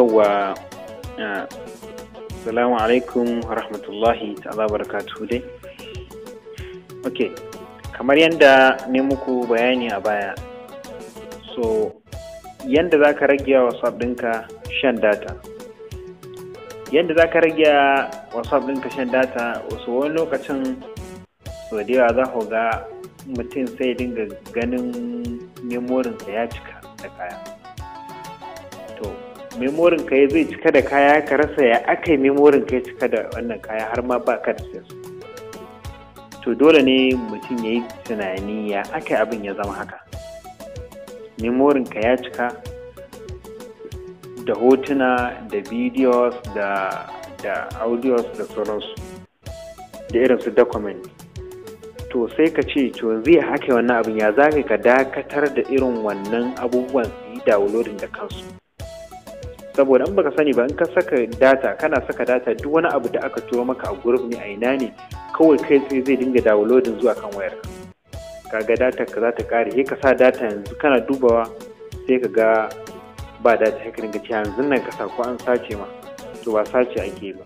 yauwa salamu alaikum rahmatullahi ta'ala barakatuhu dai ok kamar yadda ne muku bayani a baya so yadda za ka rage whatsapp ɗinka shan data yadda za ka rage whatsapp ɗinka shan data wasu wani lokacin so da yawa za ku ga mutum sai dinga ganin memorinsa ya cika da kaya memorin ka zai cika da kaya ka rasa ya aka yi memorin ka ya cika da wannan kaya har ma ba ka da su to dole ne mutum ya yi tunani ya aka abin ya zama haka memorin ka ya cika da hotuna da videos da da audios da sauransu da irinsu document to sai ka ce to zai haka wannan abin ya zaka ka dakatar da irin wannan abubuwan su yi downloading da kansu saboda in baka sani ba in ka saka data kana saka data duk wani abu da aka turo maka a group ne a ina ne kawai kai tsaye zai dinga downloading zuwa kan wayar ka ga data ka za ta kare sai ka sa data yanzu kana dubawa sai ka ga ba data sai ka dinga cewa yanzu nan ka sa ko an sace ma to ba sace ake ba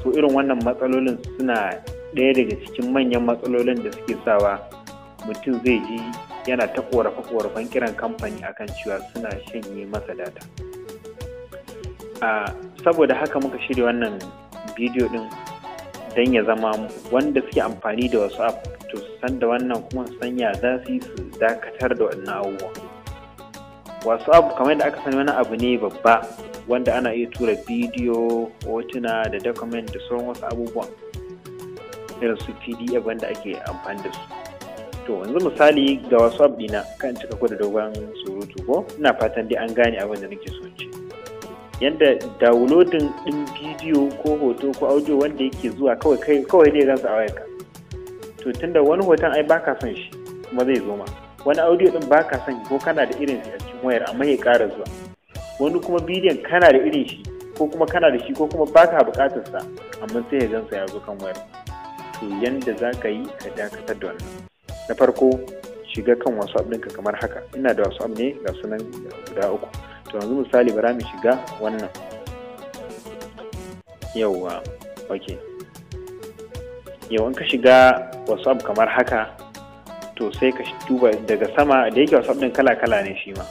to irin wannan matsalolin suna ɗaya daga cikin manyan matsalolin da suke sawa mutum zai ji yana ta korafa korafen kiran kamfani akan cewa suna shanye masa data. saboda haka muka shirya wannan bidiyo din don ya zama wanda suke amfani da wasu app to san da wannan kuma sanya za su yi su dakatar da wannan abubuwa wasu abu kamar da aka sani wani abu ne babba wanda ana iya tura bidiyo hotuna da document da sauran wasu abubuwa irin su pdf wanda ake amfani da su to yanzu misali ga wasu abu dina kan cika da dogon surutu ko ina fatan dai an gane abin da nake so ce yadda downloading din bidiyo ko hoto ko audio wanda yake zuwa kawai kai kawai dai gansa a wayarka to tunda wani hoton ai baka son shi kuma zai zo ma wani audio din baka son ko kana da irin shi a cikin wayar amma ya ƙara zuwa wani kuma bidiyon kana da irin shi ko kuma kana da shi ko kuma baka buƙatar sa amma sai ya gansa ya zo kan wayar to yanda za ka yi ka dakatar da wannan na farko shiga kan wasu abinka kamar haka ina da wasu ne ga sunan guda uku to yanzu misali bara mu shiga wannan yauwa ok yawan ka shiga whatsapp kamar haka to sai ka duba daga sama da yake whatsapp din kala-kala ne shi ma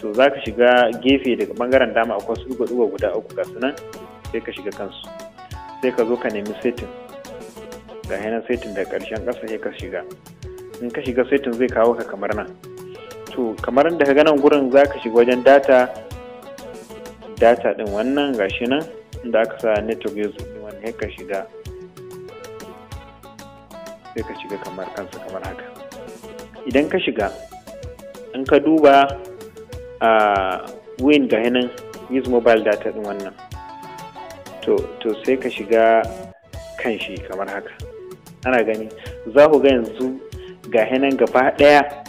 to za ka shiga gefe daga bangaren dama akwai su duba-duba guda uku ga sunan sai ka shiga kansu sai ka zo ka nemi setin ga hanyar setin daga karshen kasa sai ka shiga in ka shiga setin zai kawo ka kamar nan to kamar da ka ganin gurin za ka shiga wajen data data din wannan gashi nan da aka sa network user din wannan ka shiga sai ka shiga kamar kansa kamar haka idan ka shiga in ka duba a win ga nan use mobile data din wannan to to sai ka shiga kan shi kamar haka ana gani za ku ga yanzu ga nan gaba daya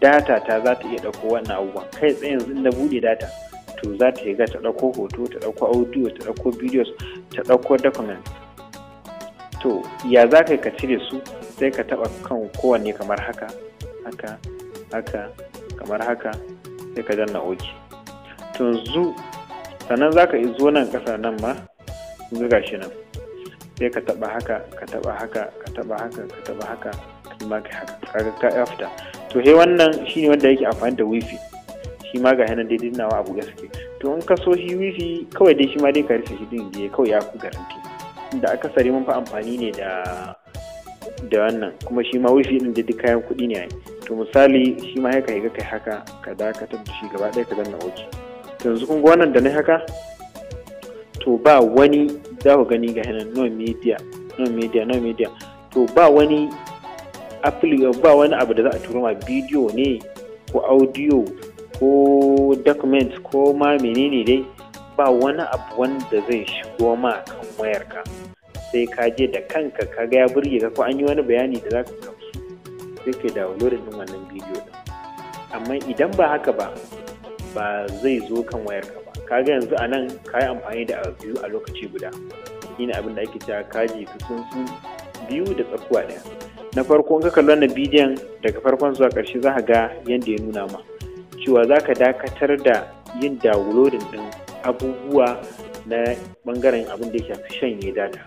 data ta za ta iya ɗauko wannan abubuwan kai tsaye yanzu na buɗe data to za ta ga ta ɗauko hoto ta ɗauko audio ta ɗauko videos ta ɗauko documents to ya za ka ka cire su sai ka taɓa kan kowanne kamar haka haka haka kamar haka sai ka danna oke to yanzu sannan za ka zo nan kasa nan ma ga shi nan sai ka taba haka ka taba haka ka taba haka ka taba haka ka haka ka after to he wannan shine wanda yake amfani da wifi shi ma ga hannun daidai nawa abu gaske to in ka so shi wifi kawai dai shi ma dai ka rufe shi din je kawai ya ku garanti da sari mun fa amfani ne da da wannan kuma shi ma wifi din daidai kayan kuɗi ne to misali shi ma haka ga kai haka ka dakatar da shi gaba ɗaya ka danna oke to yanzu kun ga wannan da na haka to ba wani za ku gani ga hannun no media no media no media to ba wani apple ba wani abu da za a turo ma bidiyo ne ko audio ko document ko ma menene dai ba wani abu wanda zai shigo ma kan wayarka sai ka je da kanka ka ga ya burge ka ko an yi wani bayani da za ka gamsu sai ka download din wannan bidiyo din amma idan ba haka ba ba zai zo kan wayarka ba ka ga yanzu a nan ka yi amfani da biyu a lokaci guda shine abin da ake cewa kaji kusan su biyu da tsakuwa ɗaya na farko in ka kalli bidiyon daga farkon zuwa ƙarshe za ka ga yadda ya nuna ma cewa za ka dakatar da yin downloading ɗin abubuwa na bangaren abin da ya shafi shanye data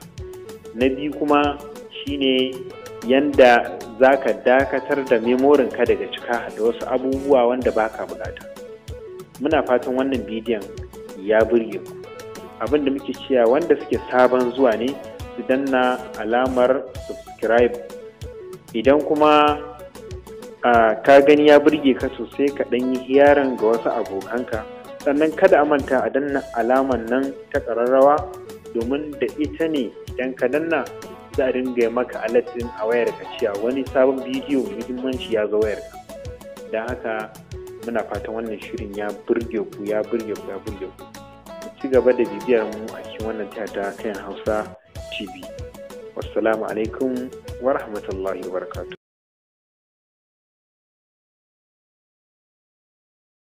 na biyu kuma shine yadda za ka dakatar da memorin ka daga cika da wasu abubuwa wanda ba ka bukata muna fatan wannan bidiyon ya birge ku abin da muke cewa wanda suke sabon zuwa ne su danna alamar subscribe idan kuma ka gani ya burge ka sosai ka ɗan yi hiyaran ga wasu abokanka sannan kada a manta a danna alaman nan ta ƙararrawa domin da ita ne idan ka danna za a dinga maka alatin a wayar ka cewa wani sabon bidiyo muhimmanci ya zo wayar ka don haka muna fatan wannan shirin ya burge ku ya burge ku ya burge ku ci gaba da bibiyar mu a cikin wannan tata kan hausa tv wassalamu alaikum wa rahmatullahi wa barakatuh